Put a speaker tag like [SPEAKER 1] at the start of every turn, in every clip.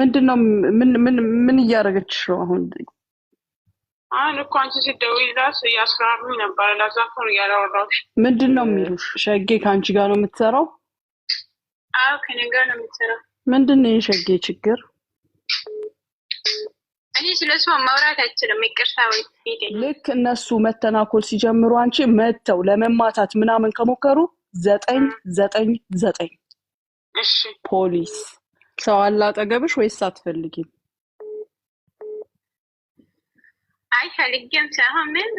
[SPEAKER 1] ምንድነው? ምን ምን እያደረገች ነው አሁን?
[SPEAKER 2] አሁን እኮ አንቺ ስትደውይላት እያስፈራሩኝ ነበረ። ለዛ እኮ ነው እያላወራሁሽ።
[SPEAKER 1] ምንድን ነው የሚሉሽ? ሸጌ ከአንቺ ጋር ነው የምትሰራው?
[SPEAKER 2] አዎ ከኔ ጋር ነው የምትሰራው።
[SPEAKER 1] ምንድን ነው የሸጌ ችግር?
[SPEAKER 2] እኔ ስለ እሷ ማውራት አይችልም። ይቅርታ።
[SPEAKER 1] ልክ እነሱ መተናኮል ሲጀምሩ አንቺ መተው ለመማታት ምናምን ከሞከሩ ዘጠኝ ዘጠኝ ዘጠኝ ፖሊስ ሰው አለ አጠገብሽ ወይስ አትፈልጊም?
[SPEAKER 2] አይ ፈልጌም ሳይሆን ምን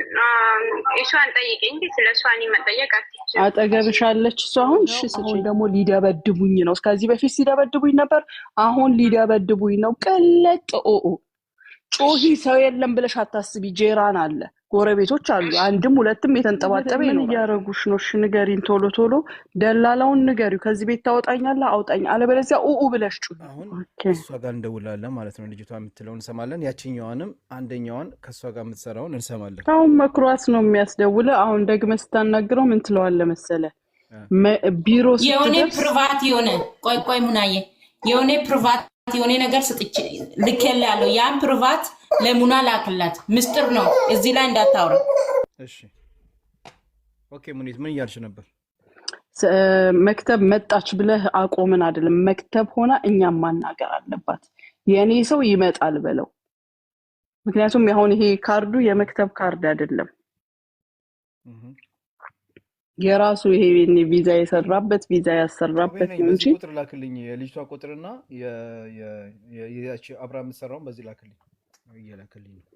[SPEAKER 2] እሷን ጠይቅ እንጂ ስለ መጠየቅ አትችልም።
[SPEAKER 1] አጠገብሽ አለች እሷ። አሁን እሺ ደግሞ ሊደበድቡኝ ነው። ከዚህ በፊት ሲደበድቡኝ ነበር፣ አሁን ሊደበድቡኝ ነው። ቀለጥ ኦኦ ጮሂ ሰው የለም ብለሽ አታስቢ። ጄራን አለ፣ ጎረቤቶች አሉ። አንድም ሁለትም የተንጠባጠበ ምን እያደረጉሽ ነው? እሺ ንገሪን፣ ቶሎ ቶሎ ደላላውን ንገሪው። ከዚህ ቤት ታወጣኛለህ፣ አውጣኝ፣ አለበለዚያ ኡኡ ብለሽ ጩ። እሷ ጋር እንደውላለን ማለት ነው። ልጅቷ የምትለው እንሰማለን፣ ያችኛዋንም አንደኛዋን ከእሷ ጋር የምትሰራውን እንሰማለን። አሁን መክሯት ነው የሚያስደውለ። አሁን ደግመ ስታናግረው ምን ትለዋለህ መሰለህ? ቢሮ
[SPEAKER 3] የሆነ ፕርቫት የሆነ ቆይ ቆይ፣ ሙናዬ የሆነ ፕርቫት የሆነ ነገር ስጥች ልኬላ ያለው ያን ፕርቫት ለሙና ላክላት። ምስጢር ነው፣ እዚህ ላይ እንዳታውረ። እሺ
[SPEAKER 1] ኦኬ። ሙኒት ምን እያልሽ ነበር? መክተብ መጣች ብለህ አቆምን አይደለም። መክተብ ሆና እኛም ማናገር አለባት። የእኔ ሰው ይመጣል በለው። ምክንያቱም አሁን ይሄ ካርዱ የመክተብ ካርድ አይደለም። የራሱ ይሄ ቪዛ የሰራበት ቪዛ ያሰራበት እንጂ ቁጥር ላክልኝ፣ የልጅቷ ቁጥርና አብራ የምትሰራውን በዚህ ላክልኝ እየላክልኝ ነው።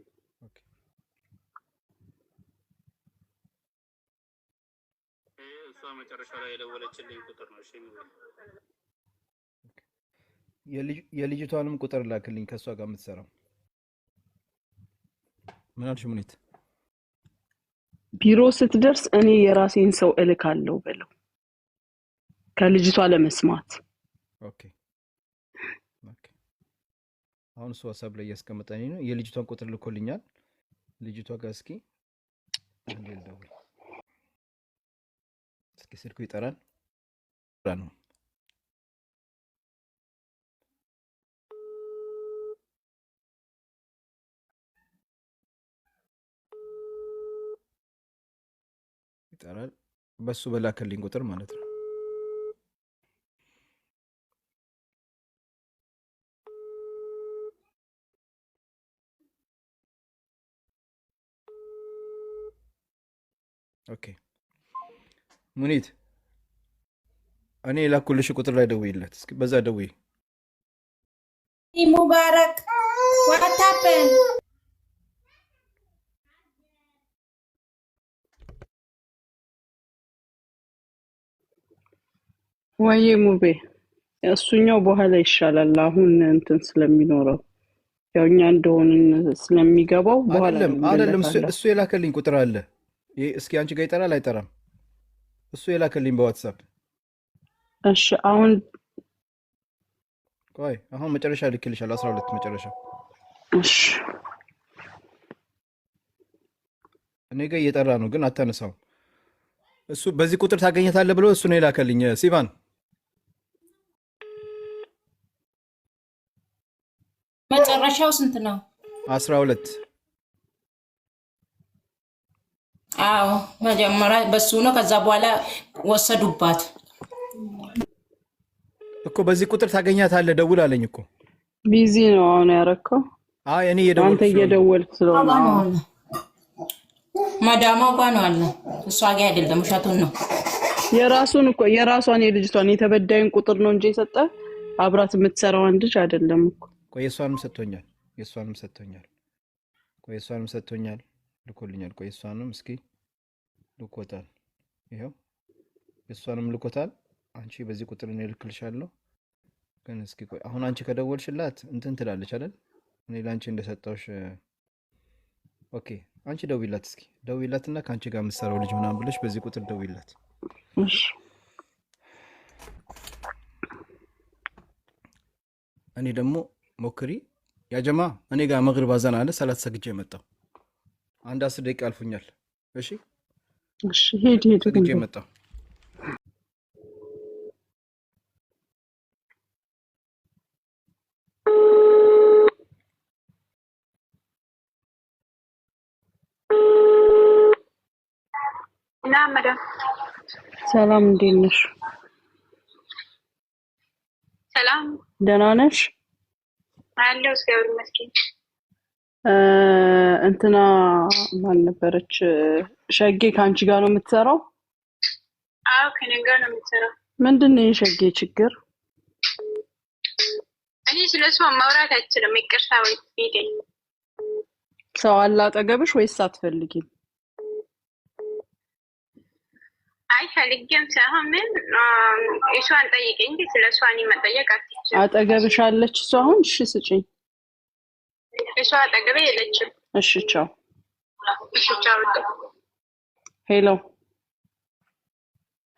[SPEAKER 1] የልጅቷንም ቁጥር ላክልኝ ከእሷ ጋር የምትሰራው ምን አልሽ ሙኒት? ቢሮ ስትደርስ እኔ የራሴን ሰው አለው በለው ከልጅቷ ለመስማት። አሁን እሱ ሀሳብ ላይ እያስቀመጠኝ ነው። የልጅቷን ቁጥር ልኮልኛል። ልጅቷ ጋር እስኪ እስኪ ስልኩ ይጠራል ነው ይጠራል። በሱ በላከልኝ ቁጥር ማለት ነው። ኦኬ ሙኒት፣ እኔ የላኩልሽ ቁጥር ላይ ደውይለት እስኪ፣ በዛ ደውይ ሙባረክ ወይ ሙቤ እሱኛው በኋላ ይሻላል። አሁን እንትን ስለሚኖረው ያው እኛ እንደሆንን ስለሚገባው በኋላ አይደለም። እሱ የላከልኝ ቁጥር አለ። እስኪ አንቺ ጋር ይጠራል አይጠራም? እሱ የላከልኝ በዋትሳፕ። እሺ አሁን ቆይ፣ አሁን መጨረሻ ልክልሻል። አስራ ሁለት መጨረሻ። እኔ ጋር እየጠራ ነው ግን አታነሳውም። እሱ በዚህ ቁጥር ታገኘታለህ ብሎ እሱ ነው የላከልኝ ሲቫን
[SPEAKER 3] መጨረሻው ስንት ነው? አስራ ሁለት አዎ፣ መጀመሪያ በሱ ነው። ከዛ በኋላ ወሰዱባት
[SPEAKER 1] እኮ። በዚህ ቁጥር ታገኛታለህ። ደውል አለኝ እኮ። ቢዚ ነው አሁን ያረከው። አይ እኔ እየደወልኩ አንተ እየደወልክ ስለሆነ
[SPEAKER 3] መዳማ ጓ ነው አለ። እሷ ጋ አይደለም፣ ውሸቱን ነው።
[SPEAKER 1] የራሱን እኮ የራሷን የልጅቷን የተበዳይን ቁጥር ነው እንጂ የሰጠ አብራት አንድ ልጅ አይደለም እኮ ቆይ ሰቶኛል ሰጥቶኛል። የእሷንም ሰጥቶኛል። ቆይ ሰጥቶኛል፣ ልኮልኛል። ቆይ እስኪ ልኮታል። ይኸው የእሷንም ልኮታል። አንቺ በዚህ ቁጥር እኔ ልክልሻለሁ፣ ግን እስኪ ቆይ አሁን አንቺ ከደወልሽላት እንትን ትላለች አይደል? እኔ ለአንቺ እንደሰጠውሽ ኦኬ። አንቺ ደውይላት እስኪ ደውይላት እና ከአንቺ ጋር የምትሰራው ልጅ ምናምን ብለሽ በዚህ ቁጥር ደውይላት። እኔ ደግሞ ሞክሪ። ያጀማ እኔ ጋር መግሪብ አዘና አለ ሰላት ሰግጄ የመጣው አንድ አስር ደቂቃ አልፎኛል። እሺ ሄድ የመጣው ሰላም፣ እንዴት ነሽ? ሰላም፣ ደህና ነሽ?
[SPEAKER 2] አለው እግዚአብሔር ይመስገን።
[SPEAKER 1] እንትና ማን ነበረች? ሸጌ ከአንቺ ጋር ነው የምትሰራው?
[SPEAKER 2] አዎ ከኔ ጋር ነው የምትሰራው።
[SPEAKER 1] ምንድን ነው የሸጌ ችግር?
[SPEAKER 2] እኔ ስለሱ ማውራት አይችልም። ይቅርታ ወይ ሄደኝ።
[SPEAKER 1] ሰው አለ አጠገብሽ ወይስ አትፈልጊም?
[SPEAKER 2] አይ ፈልጌም ሳይሆን ምን እሷን ጠይቀኝ እንጂ ስለሷ እኔ መጠየቅ አትችልም።
[SPEAKER 1] አጠገብሽ አለች እሷ አሁን? እሺ ስጪኝ።
[SPEAKER 2] እሷ አጠገብ የለችም። እሺ ቻው። እሺ ቻው።
[SPEAKER 1] ሄሎ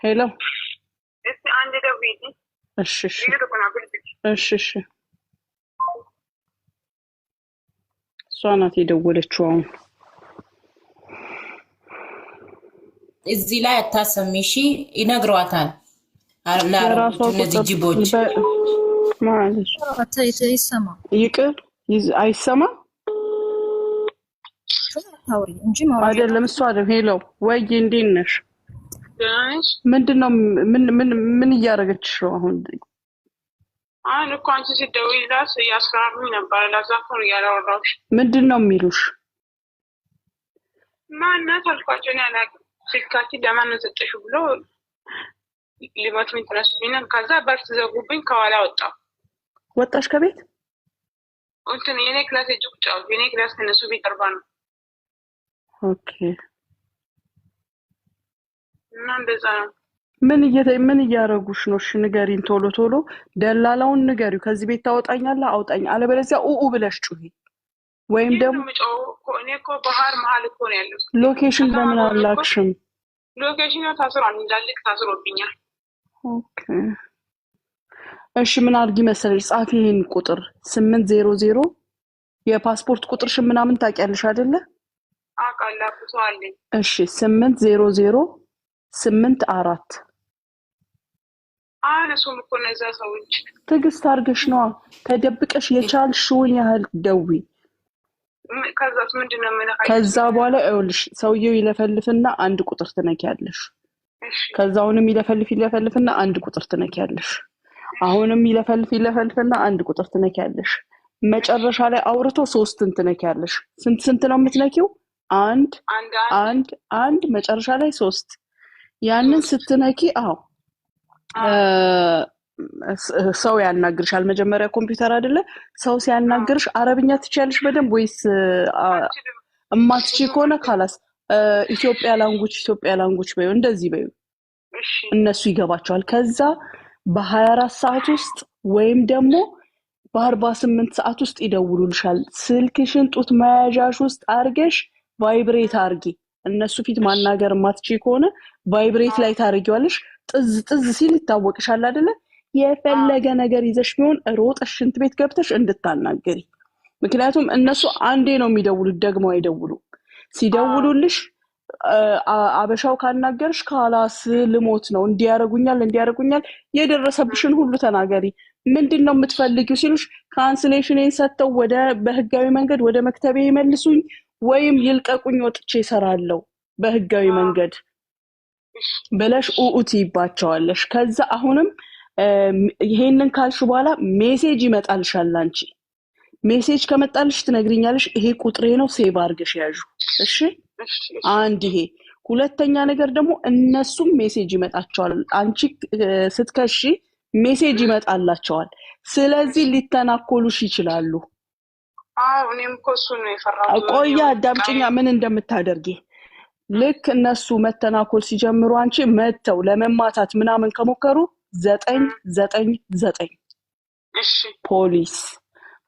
[SPEAKER 1] ሄሎ።
[SPEAKER 2] እስቲ አንድ ደውዪ።
[SPEAKER 1] እሺ እሺ እሺ እሺ። እሷ ናት የደወለችው አሁን።
[SPEAKER 3] እዚህ ላይ አታሰሚ እሺ። ይነግሯታል
[SPEAKER 1] ለራሷ ጅቦች አይሰማ አይደለም። እሱ አይደለም። ሄሎ ወይ እንዴት ነሽ? ምንድን ነው? ምን ምን ምን ነው አሁን?
[SPEAKER 2] አይ እኮ አንቺ ስትደውይ እያስፈራሩኝ ነበር። ለዛ እኮ ነው እያላወራሁሽ።
[SPEAKER 1] ምንድን ነው የሚሉሽ?
[SPEAKER 2] ማናት አልኳቸው። እኔ አላውቅም። ስልካችን ለማን ነው ሰጠሽው ብሎ ሊመቱኝ ተነሱብኝ። ከዛ በር ዘጉብኝ። ከኋላ ወጣሁ ወጣሽ ከቤት እንትን የኔ ክላስ እጅ ቁጭ አልኩ። የኔ ክላስ ከነሱ ቢቀርባ ነው። ኦኬ እና እንደዛ ነው።
[SPEAKER 1] ምን እየተ ምን እያረጉሽ ነው? እሺ ንገሪን፣ ቶሎ ቶሎ ደላላውን ንገሪው። ከዚህ ቤት ታወጣኛለህ፣ አውጣኝ፣ አለበለዚያ ኡኡ ብለሽ ጩሂ። ወይም ደግሞ
[SPEAKER 2] እኔ እኮ ባህር መሀል እኮ ነው ያለው።
[SPEAKER 1] ሎኬሽን ለምን አላክሽም?
[SPEAKER 2] ሎኬሽን ታስሯል፣ እንዳልክ ታስሮብኛል።
[SPEAKER 1] ኦኬ እሺ ምን አድርጊ መሰለሽ፣ ጻፊ ይሄን ቁጥር ስምንት ዜሮ ዜሮ የፓስፖርት ቁጥርሽን ምናምን ታውቂያለሽ አይደለ? እሺ ስምንት ዜሮ ዜሮ ስምንት አራት
[SPEAKER 2] አነሱም እኮ እነዛ ሰዎች
[SPEAKER 1] ትዕግስት አድርገሽ ነዋ። ተደብቀሽ የቻልሽውን ያህል ደዊ።
[SPEAKER 2] ከዛስ ምንድን ነው የምነካ?
[SPEAKER 1] ከዛ በኋላ ይኸውልሽ ሰውየው ይለፈልፍና አንድ ቁጥር ትነኪያለሽ። ከዛውንም ይለፈልፍ ይለፈልፍና አንድ ቁጥር ትነኪያለሽ። አሁንም ይለፈልፍ ይለፈልፍና አንድ ቁጥር ትነኪያለሽ። መጨረሻ ላይ አውርቶ ሶስትን ትነኪያለሽ። ስንት ስንት ነው የምትነኪው? አንድ አንድ አንድ፣ መጨረሻ ላይ ሶስት። ያንን ስትነኪ አዎ ሰው ያናግርሻል። መጀመሪያ ኮምፒውተር አይደለ? ሰው ሲያናግርሽ አረብኛ ትችያለሽ በደንብ ወይስ እማትች ከሆነ ካላስ ኢትዮጵያ ላንጉች ኢትዮጵያ ላንጉች በዩ እንደዚህ በዩ እነሱ ይገባቸዋል። ከዛ በ24 ሰዓት ውስጥ ወይም ደግሞ በአርባ 48 ሰዓት ውስጥ ይደውሉልሻል። ስልክሽን ጡት መያዣሽ ውስጥ አርገሽ ቫይብሬት አርጊ። እነሱ ፊት ማናገር ማትች ከሆነ ቫይብሬት ላይ ታርጊዋለሽ። ጥዝ ጥዝ ሲል ይታወቅሻል አደለ? የፈለገ ነገር ይዘሽ ቢሆን ሮጠሽ ሽንት ቤት ገብተሽ እንድታናገሪ። ምክንያቱም እነሱ አንዴ ነው የሚደውሉት፣ ደግሞ አይደውሉም። ሲደውሉልሽ አበሻው ካናገርሽ ካላስ ልሞት ነው እንዲያደርጉኛል እንዲያደርጉኛል የደረሰብሽን ሁሉ ተናገሪ ምንድን ነው የምትፈልጊው ሲሉሽ ካንስሌሽንን ሰጥተው ወደ በህጋዊ መንገድ ወደ መክተቤ ይመልሱኝ ወይም ይልቀቁኝ ወጥቼ ይሰራለው በህጋዊ መንገድ ብለሽ ኡኡት ይባቸዋለሽ ከዛ አሁንም ይሄንን ካልሽ በኋላ ሜሴጅ ይመጣልሻል አንቺ ሜሴጅ ከመጣልሽ ትነግሪኛለሽ ይሄ ቁጥሬ ነው ሴቭ አርገሽ ያዥ እሺ አንድ ይሄ ሁለተኛ ነገር ደግሞ እነሱም ሜሴጅ ይመጣቸዋል። አንቺ ስትከሺ ሜሴጅ ይመጣላቸዋል። ስለዚህ ሊተናኮሉሽ ይችላሉ።
[SPEAKER 2] እኔም እኮ እሱ ነው
[SPEAKER 1] የፈራሁት። ቆይ አዳምጪኛ ምን እንደምታደርጊ ልክ እነሱ መተናኮል ሲጀምሩ አንቺ መተው ለመማታት ምናምን ከሞከሩ ዘጠኝ ዘጠኝ ዘጠኝ ፖሊስ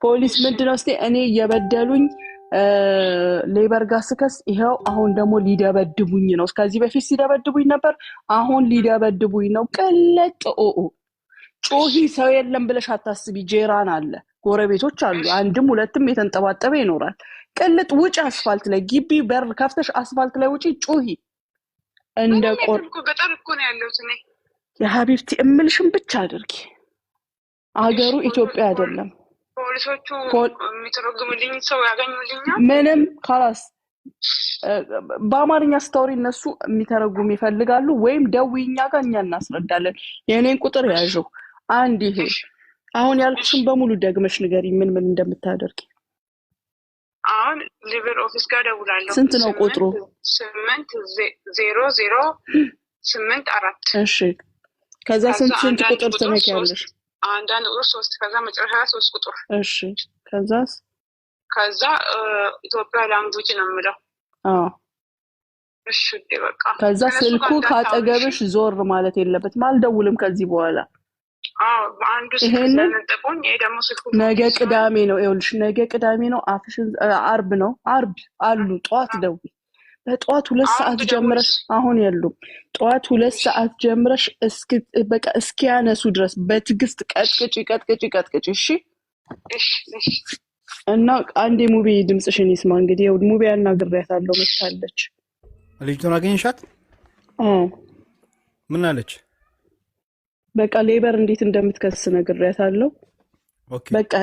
[SPEAKER 1] ፖሊስ ምንድነው ስ እኔ እየበደሉኝ ሌበር ጋር ስከስ ይኸው አሁን ደግሞ ሊደበድቡኝ ነው። እስከዚህ በፊት ሲደበድቡኝ ነበር፣ አሁን ሊደበድቡኝ ነው። ቅለጥ ኦኦ ጮሂ ሰው የለም ብለሽ አታስቢ። ጄራን አለ፣ ጎረቤቶች አሉ። አንድም ሁለትም የተንጠባጠበ ይኖራል። ቅልጥ ውጭ፣ አስፋልት ላይ ግቢ በር ከፍተሽ አስፋልት ላይ ውጪ፣ ጩሂ
[SPEAKER 2] እንደ ቆር ገጠር እኮ ነው ያለሁት እኔ።
[SPEAKER 1] የሀቢብቲ እምልሽም ብቻ አድርጊ። አገሩ ኢትዮጵያ አይደለም።
[SPEAKER 2] ፖሊሶቹ የሚተረጉምልኝ ሰው ያገኙልኛል።
[SPEAKER 1] ምንም ካላስ በአማርኛ ስታወሪ እነሱ የሚተረጉም ይፈልጋሉ። ወይም ደውዪ እኛ ጋር እኛ እናስረዳለን። የእኔን ቁጥር ያዥው አንድ ይሄ አሁን ያልኩሽን በሙሉ ደግመሽ ንገሪ፣ ምን ምን እንደምታደርግ
[SPEAKER 2] አሁን ሊብር ኦፊስ ጋር ደውላለሁ።
[SPEAKER 1] ስንት ነው ቁጥሩ?
[SPEAKER 2] ስምንት ዜሮ ዜሮ ስምንት አራት
[SPEAKER 1] እሺ። ከዛ ስንት ስንት ቁጥር ትነኪያለሽ?
[SPEAKER 2] አንዳንድ ቁጥር ሶስት ከዛ መጨረሻ ሶስት ቁጥር
[SPEAKER 1] እሺ። ከዛ
[SPEAKER 2] ከዛ ኢትዮጵያ ላንጉጅ ነው የምለው። እሺ በቃ
[SPEAKER 1] ከዛ ስልኩ ካጠገብሽ ዞር ማለት የለበትም። አልደውልም ከዚህ በኋላ አንዱ ነገ ቅዳሜ ነው። ይኸውልሽ ነገ ቅዳሜ ነው። አፍሽን አርብ ነው። አርብ አሉ ጠዋት ደውል በጠዋት ሁለት ሰዓት ጀምረሽ አሁን የሉም። ጠዋት ሁለት ሰዓት ጀምረሽ በቃ እስኪያነሱ ድረስ በትዕግስት ቀጥቅጭ ቀጥቅጭ ቀጥቅጭ። እሺ እና አንዴ ሙቢ ድምፅሽን ይስማ። እንግዲህ ያው ሙቤ አናግሬያታለሁ መታለች። ልጅቱን አገኘሻት? ምን አለች? በቃ ሌበር እንዴት እንደምትከስ ነግሬያታለሁ። በቃ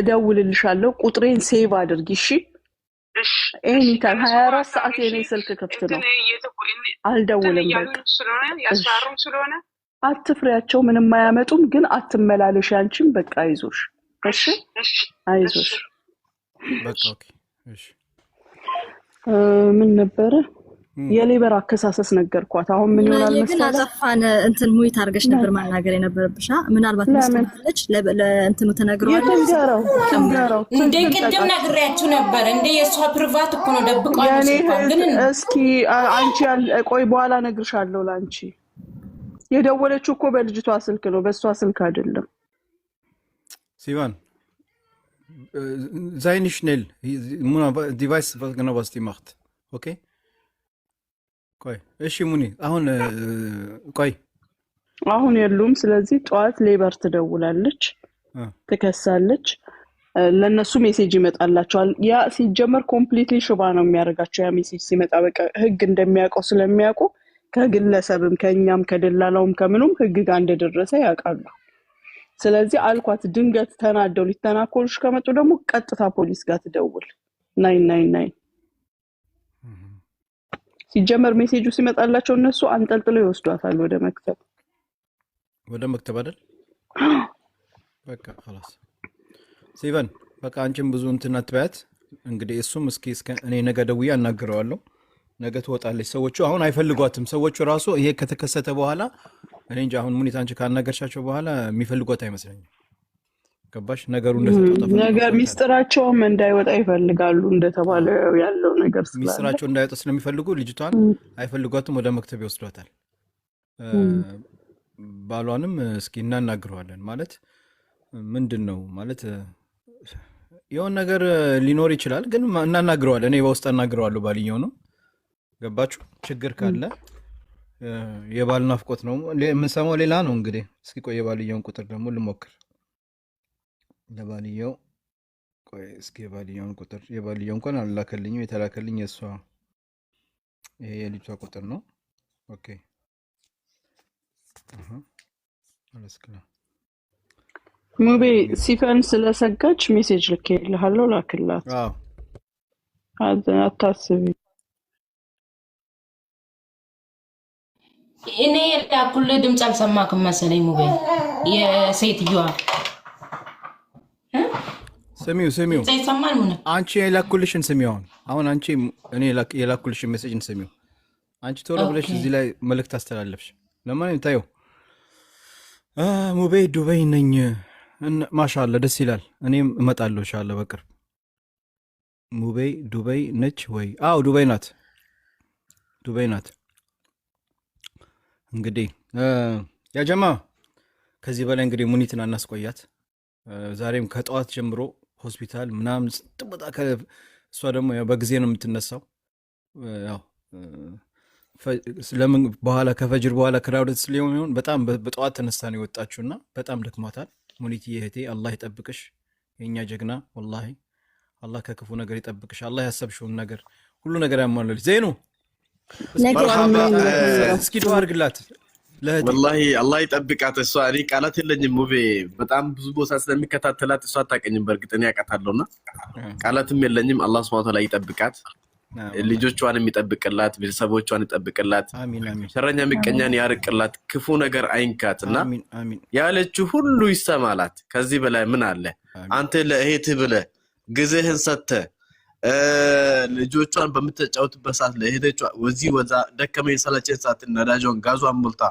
[SPEAKER 1] እደውልልሻለሁ፣ ቁጥሬን ሴቭ አድርጊ እሺ ኤኒ ታይም ሀያ አራት ሰዓት የኔ ስልክ ክፍት ነው። አልደውልም። በቃ አትፍሬያቸው፣ ምንም አያመጡም። ግን አትመላለሽ። አንቺም በቃ አይዞሽ፣ እሺ አይዞሽ። ምን ነበረ የሌበር አከሳሰስ ነገርኳት። አሁን ምን ይሆናል
[SPEAKER 3] መሰለህ፣ አጸፋን እንትን ሙይት አድርገሽ ነበር ማናገር የነበረብሻ። ምናልባት መስለች ለእንትኑ ተነግረዋል። እንደ ቅድም ነግሬያችሁ ነበር። እንደ የእሷ ፕሪቫት እኮ ነው ደብቋል።
[SPEAKER 1] እስኪ አንቺ ቆይ፣ በኋላ እነግርሻለሁ። ለአንቺ የደወለችው እኮ በልጅቷ ስልክ ነው፣ በእሷ ስልክ አይደለም። ሲባን ዘይኒሽኔል ዲቫይስ genau ማክት ኦኬ ቆይ እሺ፣ ሙኒ አሁን ቆይ አሁን የሉም። ስለዚህ ጠዋት ሌበር ትደውላለች፣ ትከሳለች። ለእነሱ ሜሴጅ ይመጣላቸዋል። ያ ሲጀመር ኮምፕሊትሊ ሽባ ነው የሚያደርጋቸው። ያ ሜሴጅ ሲመጣ በ ህግ እንደሚያውቀው ስለሚያውቁ ከግለሰብም ከእኛም ከደላላውም ከምኑም ህግ ጋር እንደደረሰ ያውቃሉ። ስለዚህ አልኳት፣ ድንገት ተናደው ሊተናኮሉሽ ከመጡ ደግሞ ቀጥታ ፖሊስ ጋር ትደውል ናይን ናይን ናይን ሲጀመር ሜሴጁ ሲመጣላቸው እነሱ አንጠልጥለው ይወስዷታል ወደ መክተብ ወደ መክተብ አይደል? በቃ ላስ ሲቨን በቃ አንቺም ብዙ እንትን አትበያት። እንግዲህ እሱም እስኪ እኔ ነገ ደውዬ አናግረዋለሁ። ነገ ትወጣለች። ሰዎቹ አሁን አይፈልጓትም። ሰዎቹ ራሱ ይሄ ከተከሰተ በኋላ እኔ እንጂ አሁን ሙኒት አንቺ ካናገርሻቸው በኋላ የሚፈልጓት አይመስለኝም። ገባሽ ነገሩ ነገር ሚስጥራቸውም እንዳይወጣ ይፈልጋሉ። እንደተባለ ያለው ነገር ሚስጥራቸው እንዳይወጣ ስለሚፈልጉ ልጅቷን አይፈልጓትም፣ ወደ መክተብ ይወስዷታል። ባሏንም እስኪ እናናግረዋለን ማለት ምንድን ነው ማለት የሆን ነገር ሊኖር ይችላል፣ ግን እናናግረዋለን። እኔ በውስጥ አናግረዋለሁ ባልየው ነው ገባችሁ። ችግር ካለ የባል ናፍቆት ነው የምንሰማው ሌላ ነው። እንግዲህ እስኪ ቆይ የባልየውን ቁጥር ደግሞ ልሞክር ለባልየው ቆይ እስኪ የባልየውን ቁጥር የባልየው እንኳን አልላከልኝም። የተላከልኝ የእሷ ይሄ የልጇ ቁጥር ነው። ኦኬ አለስክላ ሙቤ ሲፈን ስለሰጋች ሜሴጅ ልኬልሃለሁ፣ ላክላት። አታስቢ
[SPEAKER 3] እኔ የላኩልህ ድምፅ አልሰማክም መሰለኝ ሙቤ የሴትዮዋ
[SPEAKER 1] ስሚው ስሚው፣ አንቺ የላኩልሽን ስሚው። አሁን አሁን አንቺ እኔ የላኩልሽን ሜሴጅን ስሚው። አንቺ ቶሎ ብለሽ እዚህ ላይ መልእክት አስተላለፍሽ። ለማንኛውም ታየው ሙቤ ዱበይ ነኝ። ማሻአላ ደስ ይላል። እኔም እመጣለሁ ሻለ በቅርብ። ሙቤ ዱበይ ነች ወይ? አዎ ዱበይ ናት፣ ዱበይ ናት። እንግዲህ ያጀማ ከዚህ በላይ እንግዲህ ሙኒትን አናስቆያት። ዛሬም ከጠዋት ጀምሮ ሆስፒታል ምናምን ስንት ከ እሷ ደግሞ በጊዜ ነው የምትነሳው። ያው ለምን በኋላ ከፈጅር በኋላ ክራውደት ስለሆነ ይሆን በጣም በጠዋት ተነሳ ነው ና በጣም ደክሟታል። ሙኒት እህቴ አላህ ይጠብቅሽ፣ የእኛ ጀግና ወላሂ አላህ ከክፉ ነገር ይጠብቅሽ። አላህ ያሰብሽውን ነገር ሁሉ ነገር ያሟላልሽ። ዜኑ እስኪ ድዋ አድርግላት
[SPEAKER 4] ወላሂ አላህ ይጠብቃት። እሷ እኔ ቃላት የለኝም። ውቤ በጣም ብዙ ቦታ ስለሚከታተላት እሷ አታውቀኝም። በእርግጥ እኔ አውቃታለሁ እና ቃላትም የለኝም። አላህ ሱብሃነሁ ወተዓላ ይጠብቃት፣ ልጆቿን የሚጠብቅላት ቤተሰቦቿን ይጠብቅላት፣ ሸረኛ ምቀኛን ያርቅላት፣ ክፉ ነገር አይንካት እና ያለችው ሁሉ ይሰማላት። ከዚህ በላይ ምን አለ? አንተ ለእህትህ ብለህ ጊዜህን ሰጥተህ ልጆቿን በምትጫወትበት ሰዓት ላይ ሄደች፣ ወዚህ ወዛ ደከመኝ ሰለቸኝ ሳትል ነዳጇን ጋዟን ሞልታ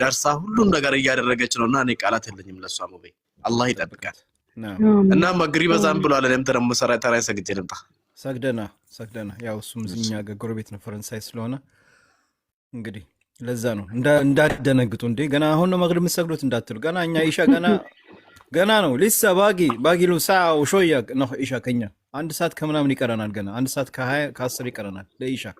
[SPEAKER 4] ደርሳ ሁሉም ነገር እያደረገች ነው። እና እኔ ቃላት የለኝም ለሷ ሙቤ፣ አላህ ይጠብቃል። እና መግሪ በዛም ብሏል። እኔም ተደሞ ሰራተራ ሰግጄ ልምጣ።
[SPEAKER 1] ሰግደና ሰግደና። ያው እሱም እኛ ጋር ጎረቤት ነው ፈረንሳይ ስለሆነ እንግዲህ ለዛ ነው እንዳደነግጡ። እንዴ ገና አሁን ነው መግሪብ የምትሰግዱት እንዳትሉ፣ ገና እኛ ኢሻ ገና ገና ነው። ሊሳ ባጊ ባጊሉ ሳ ሾያ ነው ኢሻ ከኛ አንድ ሰዓት ከምናምን ይቀረናል። ገና አንድ ሰዓት ከሀያ ከአስር ይቀረናል ለኢሻ